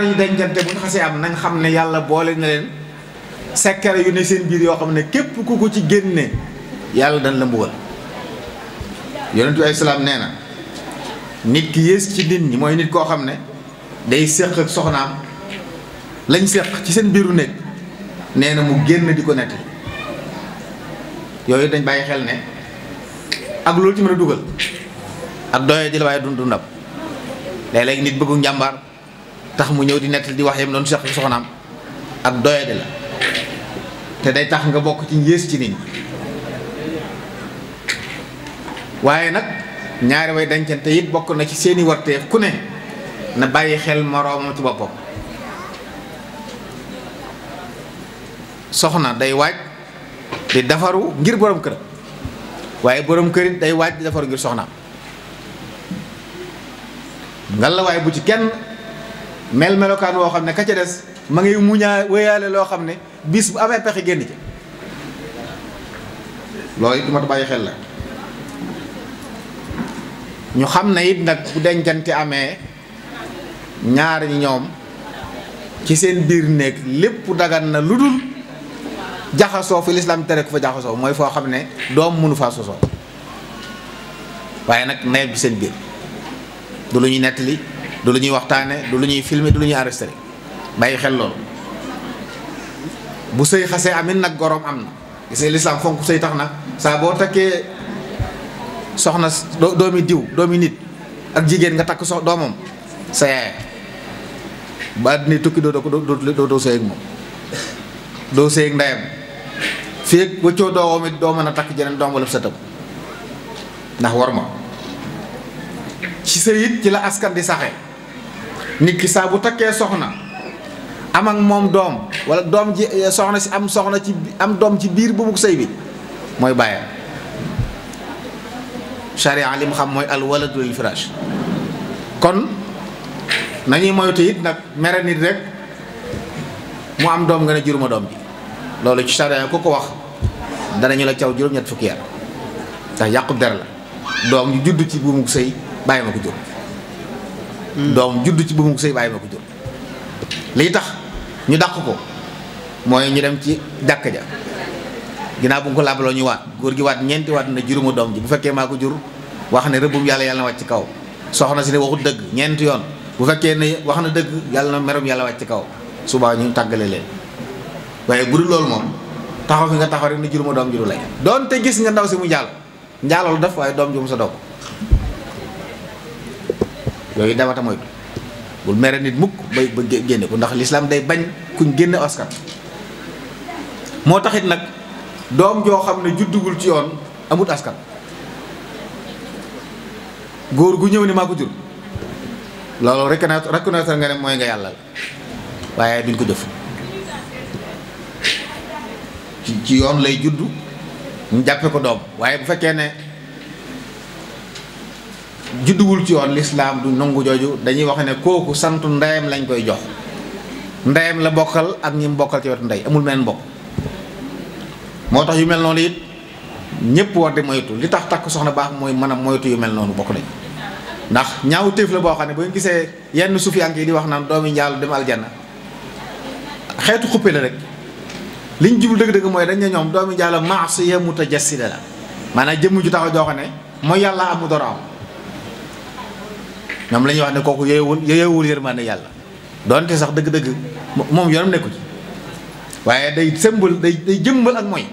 ñaar yu dencante bu ñu xasee am nañ xam ne yàlla boole na leen sekkare yu biir yoo xam ne képp ku ko ci génne yàlla dañ la mbugal yonent bi nee na nit ki yées ci nit ñi mooy nit koo xam ne day séq ak lañ séq ci seen biiru néeg nee na mu génn di ko nett yooyu dañ bàyyi xel ne ak loolu ci mën a dugal ak doyee di la waaye dundundam nit bëggu njàmbaar tax mu ñëw di nettali di wax yam doon seq soxnaam ak doyade la te day tax nga bokk ci yées ci nit ñi waaye nag ñaari way dencante it bokk na ci seeni warteef ku ne na bàyyi xel moroomam ci boppam soxna day waaj di defaru ngir boroom kër waaye boroom kër day waaj di defaru ngir soxnaam ngalla waaye bu ci kenn mel melokaan woo xam ne ka ca des ma ngi muñaa wéyaale loo xam ne bis bu amee pexe génn ci loolu du mat bàyyi xel la ñu xam ne it nag bu dencante amee ñaar ñi ñoom ci seen biir néeg lépp dagan na lu dul jaxasoo fi lislaam tere ku fa jaxasoo mooy foo xam ne doom mënu faa sosoo waaye nag nawet bi seen biir du lu ñuy nettali du lu ñuy waxtaane du lu ñuy filmer du lu ñuy enregistré bàyyi xel lool bu sëy xasee amit nag goroom am na gisee lislaam fonk sëy tax nag saa boo takkee soxna doomi diw doomi nit ak jigéen nga takk sox doomam sa yaay ba àddina tukki doo doo doo sëy ak moom doo sëy ak ndeyam fii ak wëccoo doomam it doo mën a takk jeneen doom walla sëtam ndax war ma ci sëy it ci la askan di saxe nit ki saa bu takkee soxna am ak moom doom wala doom ji eh, soxna si am soxna ci am doom ci biir bu bugg sëy bi mooy bàyyam charia li mu xam mooy al waladu lil firaash kon nañuy moytu it nag mere nit rek mu am doom nga ne juruma doom bi loolu ci charia ku ko wax danañu la caw juróom-ñett fukki yar ndax yàqu der la doom ñu judd ci bu mu sëy bàyyi ma ko jur doom juddu ci buumu sëy bàyyi ma ko jur lii tax ñu dàq ko mooy ñu dem ci jàkk ja ginnaaw bu ko laabaloo ñu waat góor gi waat ñeenti waat na juruma doom ji bu fekkee maa ko jur wax ne rëbbum yàlla yàlla na ci kaw soxna si ne waxut dëgg ñeenti yoon bu fekkee ne wax na dëgg yàlla na merum yàlla ci kaw subaa ñu tàggale leen waaye bu dul loolu moom taxaw fi nga taxaw rek ne juruma doom ji du lay doonte gis nga ndaw si mu jàll njaalol def waaye doom ji sa doog yooyu dawata moytu bul mere nit mukk bay ba génne ko ndax lislaam day bañ kuñ génne askan moo taxit nag doom joo xam ne juddugul ci yoon amut askan góor gu ñëw ni maa ko jur loolu reconnaître reconnaître nga ne mooy nga yàlla la waaye duñ ko jëf ci yoon lay juddu ñu jàppe ko doom waaye bu fekkee ne judduwul ci woon lislaam du nangu jooju dañuy wax ne kooku santu ndeyam lañ koy jox ndeyam la bokkal ak ñi mu bokkal ci wetu ndey amul meneen mbokk moo tax yu mel noonu it ñëpp war di moytu li tax takk soxna baax mooy mën moytu yu mel noonu bokk nañ ndax ñaaw téef la boo xam ne bu ñu gisee yenn sufiyank yi di wax naan doomi njaalu dem aljanna xeetu xuppe la rek liñ jublu dëgg-dëgg mooy dañ ne ñoom doomi njaalu maas yemuta jassida la maanaa jëmm ju tax joo xam ne mooy yàlla amu dara am ñoom lañuy wax ne kooku yeyewul yeyewul yërmaande yàlla doonte sax dëgg-dëgg moom yoonam nekku ci waaye day sëmbal day day jëmbal ak mooy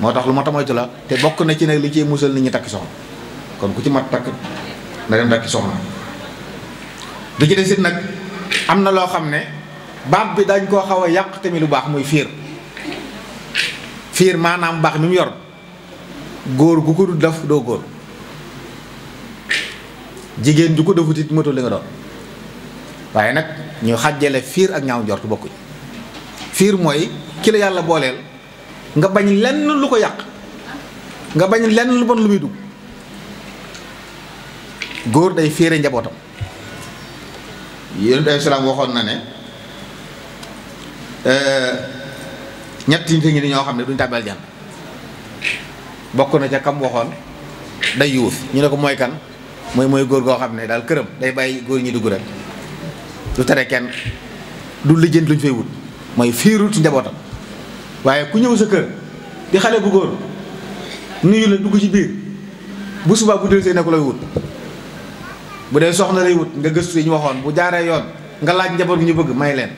moo tax lu ma tamoytu la te bokk na ci nag li ci musal nit ñi takki soxna kon ku ci mat takk na dem takki soxna du ci desit nag am na loo xam ne baat bi dañ koo xaw a yàq tamit lu baax muy fiir fiir maanaam baax mi mu yor góor gu ko def doo góor jigéen ju ko defut it motul li nga doon waaye nag ñu xàjjale fiir ak ñaaw njort bokkuñ fiir mooy ki la yàlla booleel nga bañ lenn lu ko yàq nga bañ lenn lu bon lu muy dugg góor day fiire njabootam yonent ay salaam waxoon na ne eh, ñett nit ñi ñoo xam ne duñ tàbbal jàmm bokk na ca kam waxoon day yuus ñu ne ko mooy kan mooy mooy góor goo xam ne daal këram day bàyyi góor ñi dugg rek lu tere kenn du lijjanti luñ fay wut mooy fiirul ci njabootam waaye ku ñëw sa kër di xale bu góor nuyu la dugg ci biir bu subaa bu dellusee nekku lay wut dee soxna lay wut nga gëstu yi ñu waxoon bu jaaree yoon nga laaj njaboot bi ñu bëgg may leen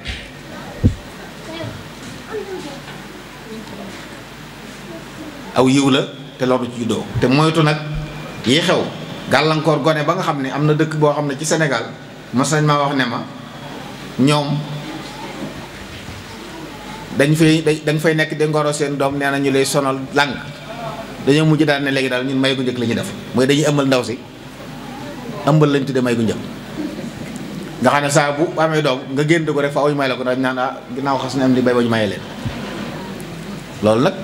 aw yiw la te loolu ci juddoo te moytu nag yi xew gàllankoor gone ba nga xam ne am na dëkk boo xam ne ci senegal mos nañ wax ne ma ñoom dañ fay dañ fay nekk di ngoro seen doom nee na ñu lay sonal làng dañoo mujj daal ne léegi daal ñun may gu njëkk la ñuy def mooy dañuy ëmbal ndaw si ëmbal lañ tuddee may gu njëkk nga xam ne saa bu amee doom nga génn ko rek fa aw ñu may la ko ndax naan ah xas ne am di bay ba ñu maye leen loolu nag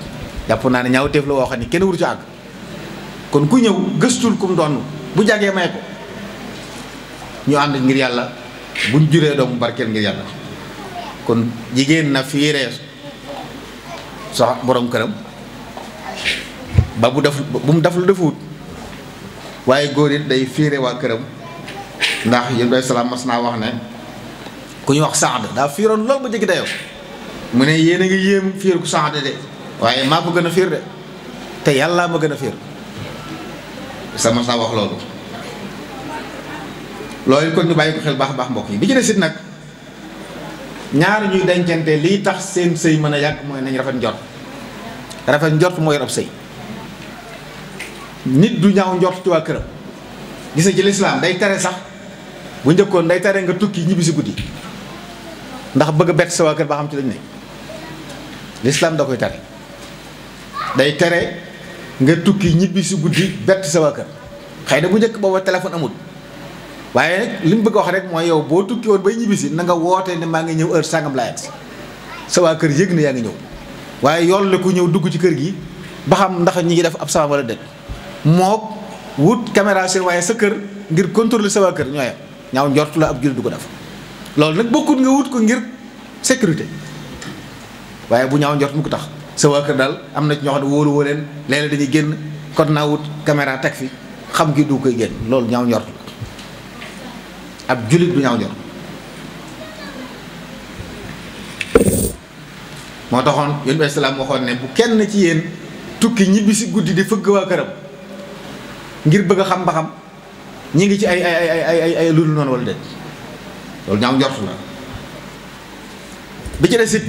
jàpp naa ne ñaaw teef la woo xam ne kenn wur ci àgg kon ku ñëw gëstul kum doon bu jàggee may ko ñu ànd ngir yàlla buñ juree doom barkeel ngir yàlla kon jigéen na fiireer rees sax borom këram ba bu def bu mu def lu defuut waaye góor it day fiire waa këram ndax yéen day salaam mas naa wax ne ku ñu wax saxd daa fiiroon lool ba jëggi dayoo mu ne yéen a ngi yéem fiir ku saxd de waaye maa ko gën a fiir de te yàlla ma gën a fiir sama sa wax loolu loolu kon ñu bàyyi ko xel baax baax mbokk yi bi ci desit nag ñaar ñuy dencante lii tax seen sëy mën a yàgg mooy nañ rafet njort rafet njort mooy ab sëy nit du ñaaw njort ci waa këram gis na ci lislaam day tere sax bu njëkkoon day tere nga tukki ñibbi si guddi ndax bëgg a bett sa waa kër ba xam ci lañ ne lislaam da koy tere day tere nga tukki ñibbi si guddi bett sa waa kër xëy na bu njëkk booba téléphone amul waaye li mu bëgg a wax rek mooy yow boo tukki woon bay ñibbi si na wootee ne maa ngi ñëw heure sangam laa yegg sa waa kër yëg na yaa ngi ñëw waaye yoon la ku ñëw dugg ci kër gi ba xam ndax ñi ngi def ab sama wala déet mook wut caméra waaye sa kër ngir contrôler sa kër ñoo yem ñaaw njortu la ab jullit du ko def loolu nag bokkut nga wut ko ngir sécurité waaye bu ñaaw njort mu ko tax sa waa kër daal am na ci ñoo woo leen léeg-léeg dañuy génn kon naa wut caméra teg fi xam ki du koy génn loolu ñaaw njort ab jullit du ñaaw njort waxoon ne bu kenn ci yéen tukki ñibbi guddi di fëgg waa këram ngir bëgg a xam ngi ci ay ay la bi ci des it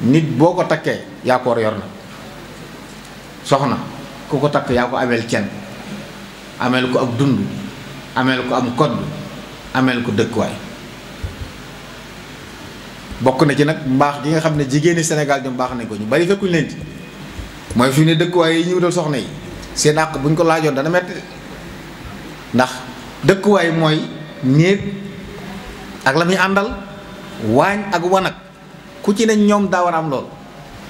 nit boo ko takkee yaa ko war yor na soxna ku ko takk yaa ko ameel cen ameel ko ab dund ameel ko am kodd ameel ko dëkkuwaay bokk na ci nag mbaax di nga xam ne jigéeni senegal ñu mbaax nañ ko ñu bari fekkuñ leen ci mooy fi ne dëkkuwaay yi ñu wutal soxna yi seen àq buñ ko laajoon dana metti ndax dëkkuwaay mooy néeg ak la muy àndal waañ ak wanag ku ci ne ñoom daa war a am lool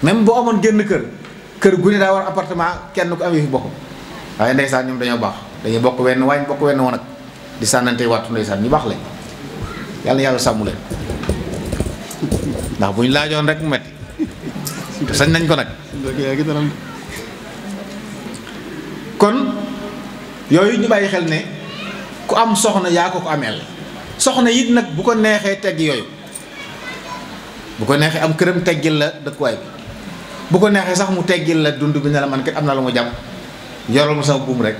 même boo amoon génn kër kër gu ne daa war appartement kenn ku am yi fi bokkul waaye ndeysaan ñoom dañoo baax dañuy bokk wenn waañ bokk wenn woon ak di sànnante wattu ndeysaan ñu baax lañ yàlla yàlla sàmm leen ndax bu ñu laajoon rek mu metti sañ nañ ko nag kon yooyu ñu bàyyi xel ne ku am soxna yaa ko ko ameel soxna yit nag bu ko neexee tegg yooyu bu ko neexee am këram teggil la dëkkuwaay bi bu ko neexee sax mu teggil la dund bi ne la man kat am na lu ma jàpp yoral mu sama buum rek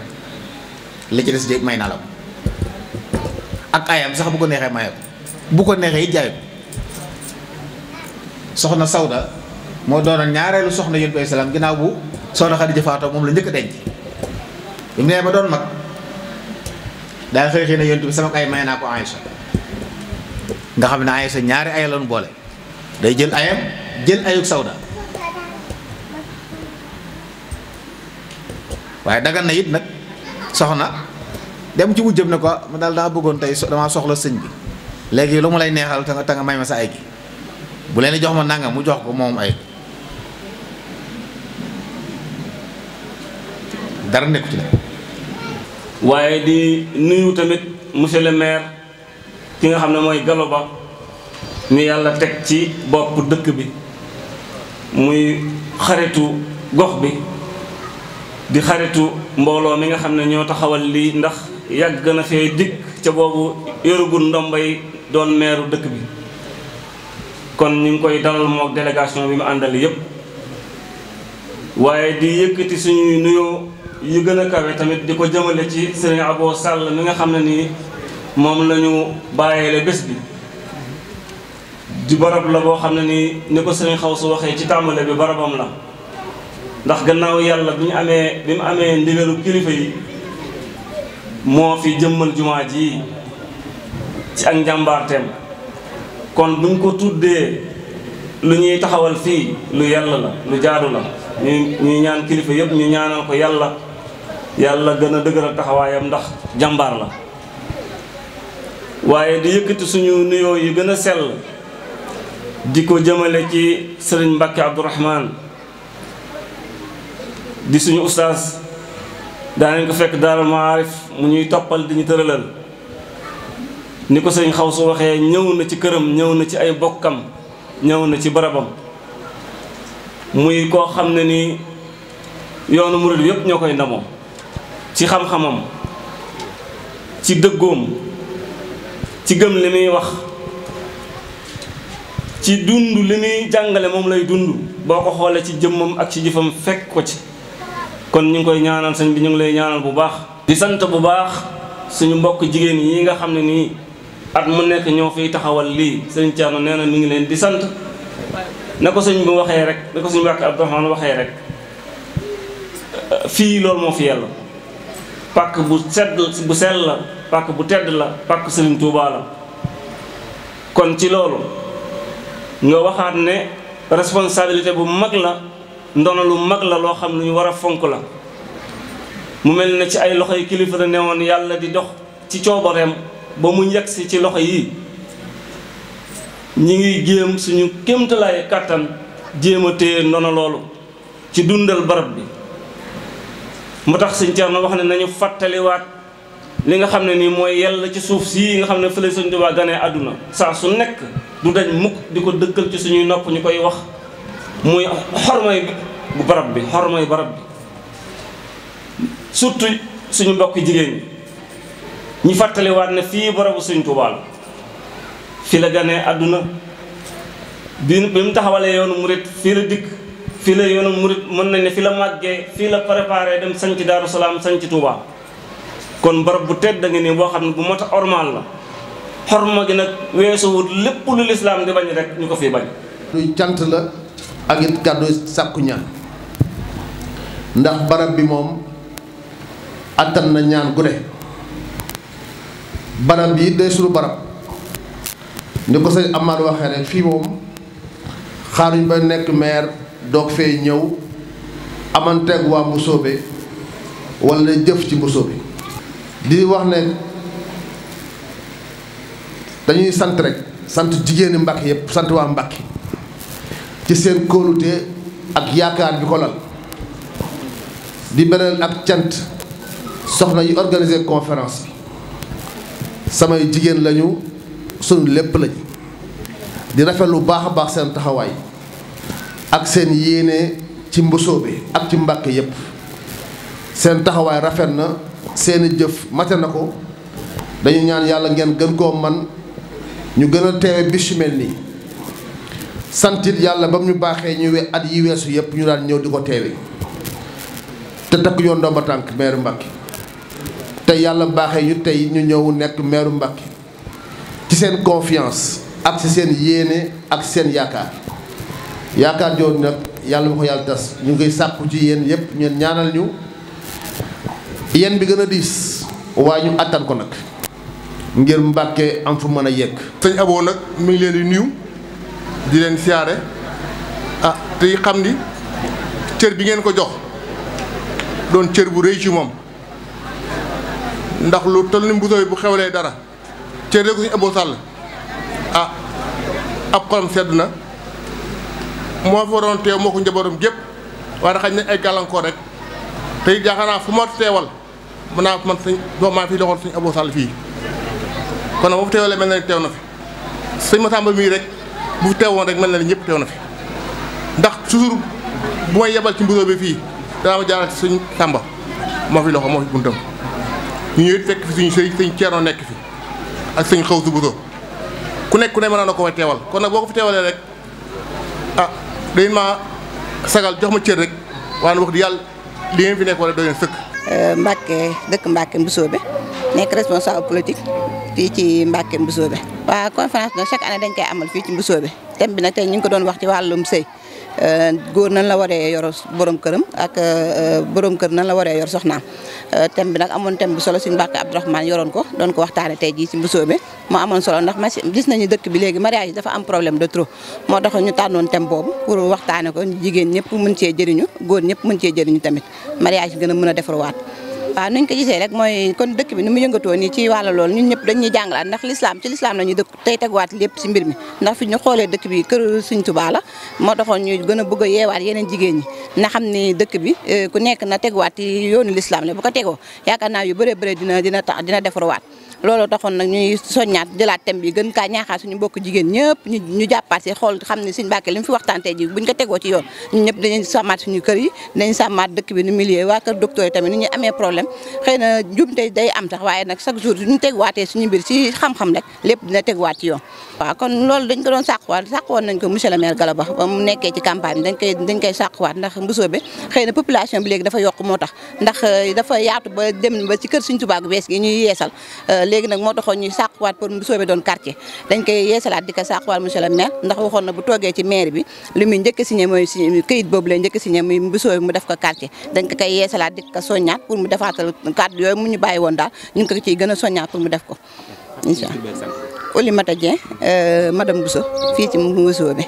li ci des de may naa la ak ayam sax bu ko neexee maye ko bu ko neexee it jaay soxna Sawda moo doonoon ñaareelu soxna Yonent bi salaam ginnaaw bu soxna Xadija faatoo moom la njëkk a denc bi mu nee ba doon mag daal xëy na Yonent bi sama ay may naa ko Aïcha nga xam ne Aïcha ñaari ay la ñu boole. day jël ayam jël ayuk sawda waaye dagan na it nag soxna dem ci jëm ne ko mu daal daa bëggoon tey damaa soxla sëñ bi léegi lu mu lay neexal te nga may ma sa ay gi bu leen jox ma nangam mu jox ko moom ay dara nekku ci la waaye di nuyu tamit monsieur le maire ki nga xam ne mooy Galo Ba ñu yàlla teg ci bopp dëkk bi muy xaritu gox bi di xaritu mbooloo mi nga xam ne ñoo taxawal lii ndax yàgg a fee dikk ca boobu yorugul ndombay doon meeru dëkk bi kon ñu ngi koy dalal mook délégation bi mu àndal yépp waaye di yëkkati suñuy nuyoo yu gën a kawe tamit di ko jëmale ci sëriñ Abo Sall mi nga xam ne nii moom lañu ñu bés bi di barab la boo xam ne nii ni ko sëriñ xaw su waxee ci tàmbale bi barabam la ndax gannaaw yàlla bi ñu amee bi mu amee ndigalu kilifa yi moo fi jëmmal jumaa ji ci ak njàmbaarteem kon buñ ko tuddee lu ñuy taxawal fii lu yàlla la lu jaadu la ñuy ñaan kilifa yëpp ñu ñaanal ko yàlla yàlla gën a dëgëral taxawaayam ndax jàmbaar la waaye di yëkkati suñu nuyoo yi gën a sell di ko jëmale ci sëriñ Mbàkke Abdourahman di suñu ustaas daanañ ko fekk daara maarif mu ñuy toppal di ñu tëralal ni ko sëriñ xaw su waxee ñëw na ci këram ñëw na ci ay bokkam ñëw na ci barabam muy koo xam ne ni yoonu murid yépp ñoo koy ndamoo ci xam-xamam ci dëggoom ci gëm li muy wax ci dund li muy jàngale moom lay dund boo ko xoolee ci jëmmam ak ci jëfam fekk ko ci kon ñu ngi koy ñaanal sëñ bi ñu ngi lay ñaanal bu baax di sant bu baax suñu mbokk jigéen yi nga xam ne nii at mu nekk ñoo fiy taxawal lii sëñ Thierno nee na mu ngi leen di sant na ko sëñ bi waxee rek na ko suñu mbokk Abdourahmane waxee rek fii loolu moo fi yàlla pàkk bu sedd bu sell la pàkk bu tedd la pàkk Sëriñ Tuubaa la kon ci loolu nga waxaat ne responsabilité bu mag la ndono lu mag la loo xam lu ñu war a fonk la mu mel ne ci ay loxo yi kilifa ne woon yàlla di dox ci coobareem ba mu yegg si ci loxo yi ñi ngi jéem suñu kéemtalaay kàttan jéem a téye ndono loolu ci dundal barab bi mu tax sëñ Thierno wax ne nañu fàttaliwaat li nga xam ne nii mooy yàlla ci suuf sii nga xam ne la Sëñ Tuubaa ganee àdduna saa su nekk du dañ mukk di ko dëkkal ci suñuy nopp ñu koy wax muy xormay bu barab bi xormay barab bi surtout suñu mbokk jigéen ñi ñu fàttaliwaat ne fii barabu Sëñ Tuubaa la fi la ganee àdduna bi bi mu taxawalee yoonu murit fii la dikk fii la yoonu murit mën nañ ne fi la màggee fii la préparé dem sañc Daaru Salaam sañc Tuubaa kon barab bu tedd ngi nii boo xam ne bu mot a ormal la xorma gi nag weesuwut lépp lu lislaam di bañ rek ñu ko fi bañ luy cant la ak it kàddu sàkku ñaan ndax barab bi moom attan na ñaan gu ne barab bi day sunu barab ni ko sëñ Amar waxee rek fii moom xaaruñ ba nekk maire doog fee ñëw amanteeg waa Mbusoobe wala jëf ci bi di wax ne dañuy sant rek sant jigéeni Mbàkke yëpp sant waa Mbàkke ci seen kóolute ak yaakaar bi ko di beneen ak cant soxna yi organiser conférence samay jigéen lañu sunu lépp lañu di rafet lu baax a baax seen taxawaay ak seen yéene ci mbusoo bi ak ci Mbàkke yépp seen taxawaay rafet na seeni jëf mate na ko dañu ñaan yàlla ngeen gën koo man ñu gën a teewe bis yu mel nii santit yàlla ba mu ñu baaxee ñu at yi weesu yëpp ñu daan ñëw di ko teewe te takk yoon ndomba tànk meeru Mbàkke te yàlla baaxee ñu tey ñu ñëw nekk meeru Mbàkke ci seen confiance ak ci seen yéene ak seen yaakaar yaakaar jooju nag yàlla ma ko yàlla das ñu ngi sàkku ci yéen yëpp ñeen ñaanal ñu yenn bi gën a diis waaye ñu attan ko nag ngir mbàkkee am fu mën a yegg. sëñ aboo nag mi ngi leen di nuyu di leen siyaare ah tey xam ni cër bi ngeen ko jox doon cër bu rëy ci moom ndax lu toll ni mbusooy bu xewlee dara cër rek suñu Abo Sall ah ab xolam sedd na moo fa waroon teew moo ko njabootam gépp waaye xañ na ay gàllankoor rek tey jaaxanaa fu ma teewal. mën naa man sëñ doom maa fi doxal sëñ Abou Sall fii kon na bu fi teewalee mel na ni teew na fi ma Massamba mii rek bu fi teewoon rek mel na ni ñëpp teew na fi ndax toujours bu may yebal ci mburóo bi fii danaa ma jaaral ci sëñ Sàmba moo fi loxo moo fi buntam ñu ñëw it fekk fi suñu sëñ sëñ Ceerno nekk fi ak sëñ xaw su buso ku nekk ku ne mën na ko fa teewal kon nag boo ko fi teewalee rek ah dañ ma sagal jox ma cër rek waaye wax di yàlla li ngeen fi nekk wala Euh, Mbacke dëkk Mbacke Mbusoobe nekk responsable politique fii ci Mbacke Mbusoobe waaw conférence nag chaque année dañ koy amal fii ci Mbusoobe thème bi nag tey ñu ngi ko doon wax ci wàllum sëy Euh, góor nan la waree yor borom këram ak euh, borom kër nan la waree yor soxnaam euh, thème bi nag amoon thème bu solo suñu Mbàkke Abdourahmane yoroon ko doon ko waxtaane tey jii si Mbusoobe mu amoon solo ndax mas gis nañu dëkk bi léegi mariage dafa am problème de trop moo tax ñu tànnoon thème boobu pour waxtaane ko jigéen ñëpp mën cee jëriñu góor ñëpp mën cee jëriñu tamit mariage gën a mën a defarwaat waaw nuñ ko gisee rek mooy kon dëkk bi nu mu yëngatoo nii ci wàll loolu ñun ñëpp dañuy jàngalaat ndax lislaam ci lislaam la ñu dëkk tey teguwaat lépp ci mbir mi ndax fi ñu xoolee dëkk bi kër Sëñ Tuubaa la moo taxoon ñu gën a bëgg a yeewaat yeneen jigéen ñi na xam ni dëkk bi e, ku nekk na teguwaat ci yoonu lislaam la bu ko tegoo yaakaar naa yu bëree bëri dina dina tax dina defarwaat looloo taxoon nag ñuy soññaat jëlaat thème bi gën kaa ñaaxaat suñu bokk jigéen ñëpp ñu ñu jàppaat si xool xam ne suñu Mbàkke li mu fi waxtaan tey ji buñ ko tegoo ci yoon ñun ñëpp bi nu milieu waa kër docteur yi tamit ni ñu amee problème xëy na jumte day am sax waaye nag suñu tegwaatee suñu mbir si xam-xam rek lépp dina tegwaat ci yoon waaw kon loolu dañ ko doon sàqwaat sàqwoon nañ ko monsieur le maire Galaba ba mu nekkee ci campagne dañ koy dañ koy sàqwaat ndax Mbusoobe xëy na population bi léegi dafa yokk moo tax ndax dafa yaatu ba dem ba ci kër suñ tubaab bees gi ñuy léegi nag moo taxoon ñuy sàqwaat pour mu soobee doon quartier dañ koy yeesalaat di ko sàqwaat monsieur le ndax waxoon na bu toogee ci maire bi li muy njëkk signé mooy signé këyit boobu lay njëkk signé muy bu soobee mu def ko quartier dañ ko koy yeesalaat di ko soññaat pour mu defaatal cadre yooyu mu ñu bàyyi woon daal ñu ko ciy gën a soññaat pour mu def ko incha allah Oulimata Dieng euh, madame Bousso fii ci Mboussobé